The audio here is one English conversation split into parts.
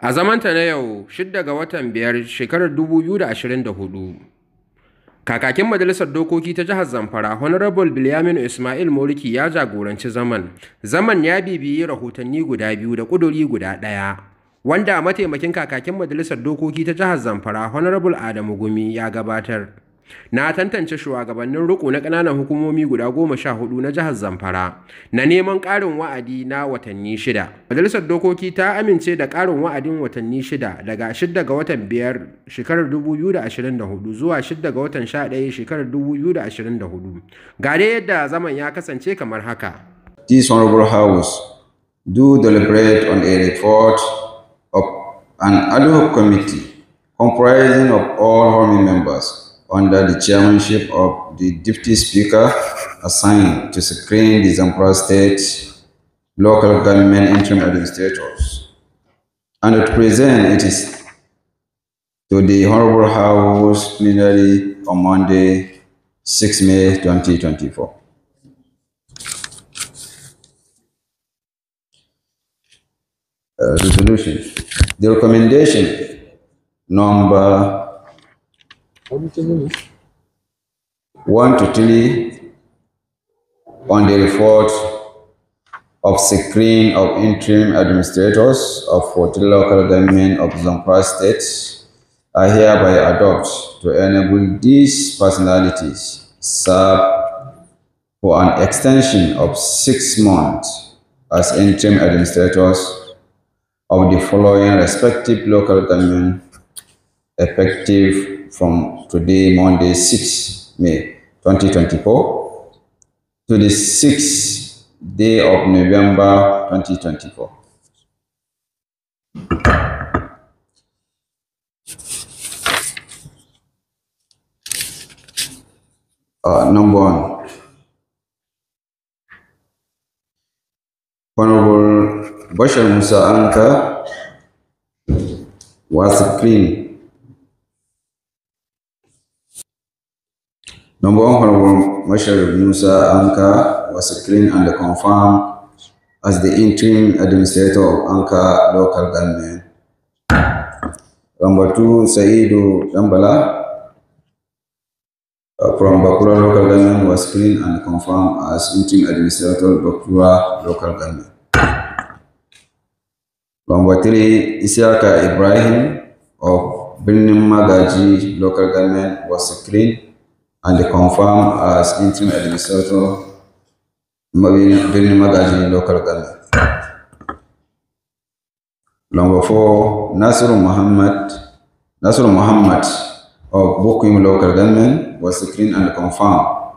A zamanta na yau, shidda ga watan biyar, shekarar 2024, kakakin Majalisar Dokoki ta Jihar Zamfara, Honorable Bilyaminu Ismail Moriki ya jagoranci zaman. Zaman ya bibiyi rahotanni guda biyu da ƙuduri guda ɗaya, wanda mataimakin kakakin Majalisar Dokoki ta Jihar Zamfara, Honorable Adamu Gumi ya gabatar. na tantance shugabannin riko na ƙananan hukumomi guda goma sha hudu na jihar zamfara na neman ƙarin wa'adi na watanni shida majalisar dokoki ta amince da ƙarin wa'adin watanni shida daga shidda ga watan biyar shekarar 2024 zuwa shidda ga watan 11 shekarar 2024 ga dai yadda zaman ya kasance kamar haka This Honorable House do deliberate on a report of an ad hoc committee comprising of all honorable members under the chairmanship of the Deputy Speaker assigned to screen the Zamfara State local government interim administrators and to present it is to the Honorable House plenary on Monday, 6 May 2024. Uh, resolution. The recommendation number 1 to 3 on the report of screen of interim administrators of 14 local government of Zamfara State are hereby adopted to enable these personalities serve for an extension of six months as interim administrators of the following respective local government effective from today, Monday, 6 May 2024 to the 6th day of November 2024. Uh, number one, Honorable Bashar Musa Anka was clean Number one Honorable Marshal Musa Anka was screened and confirmed as the interim administrator of Anka local government. Number two, Saidu Dambala uh, from Bakura local government was screened and confirmed as interim administrator of Bakura local government. Number three, Isiaka Ibrahim of Birnin Magaji local government was screened and confirm as interim administrator Birnin Magaji local government. Number four, Nasir Muhammad, Nasir Muhammad of Bukum local government was screened and confirmed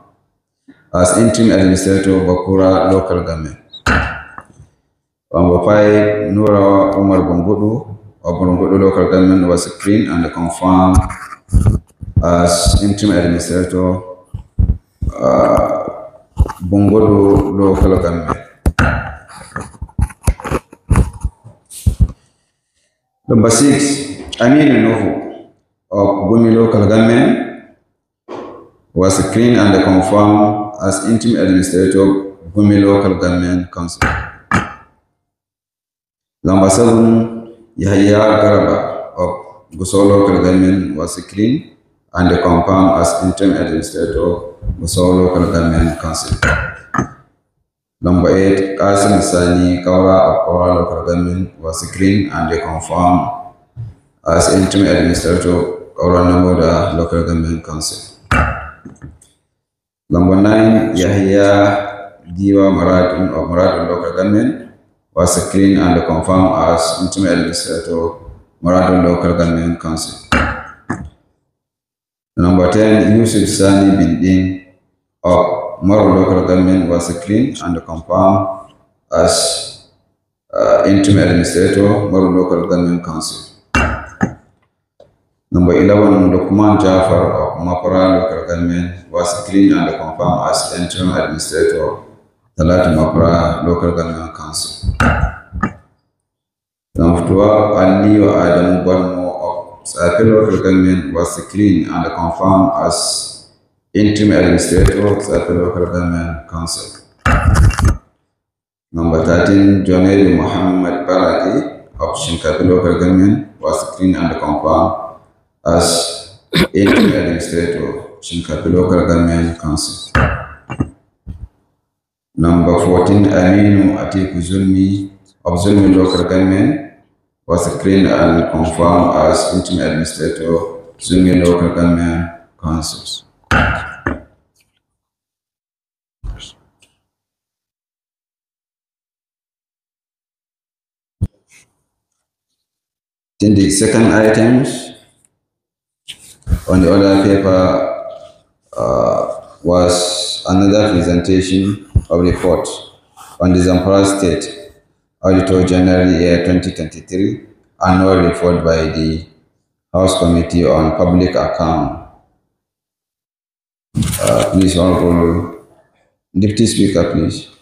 as interim administrator of Bakura local government. Number five, Nura Umar Bungudu of Bungudu local government was screened and confirmed as interim administrator, uh, Bongodo local government. Number six, Amin Novo of Gumi local government was screened and confirmed as interim administrator of Gumi local government council. Number seven, Yahya Garaba of Gusolo local government was screened and the confirmed as interim administrator of Musau Local Government Council. Number eight, Kasim Sani Kaura of Kaura Local Government was screened and they confirmed as interim administrator of Kaura Namoda Local Government Council. Number nine, Yahya Diwa Maradun of Maradun Local Government was screened and confirmed as interim administrator of Maradun Local Government Council. Number 10, Yusuf Sani bin Din of Moro local government was cleaned and confirmed as uh, interim administrator, Moro local government council. Number 11, Lukman Jafar of Mapara local government was cleaned and confirmed as interim administrator, the Latin Mapara local government council. Number 12, Aliwa Adam Barmo Sapelo government was clean and confirmed as interim administrator of Local government Council. Number 13, Jonel Muhammad Baraki of Shinkapi local government was clean and confirmed as interim administrator of Shinkapi local government council. Number 14, Aminu Atiku Zulmi of Zulmi local government was screened and confirmed as interim administrator, Zungi Local Government Councils. Then the second item on the other paper uh, was another presentation of report on the Zamfara state Auditor General Year 2023 Annual Report by the House Committee on Public Account. Uh, please, Honorable Deputy Speaker, please.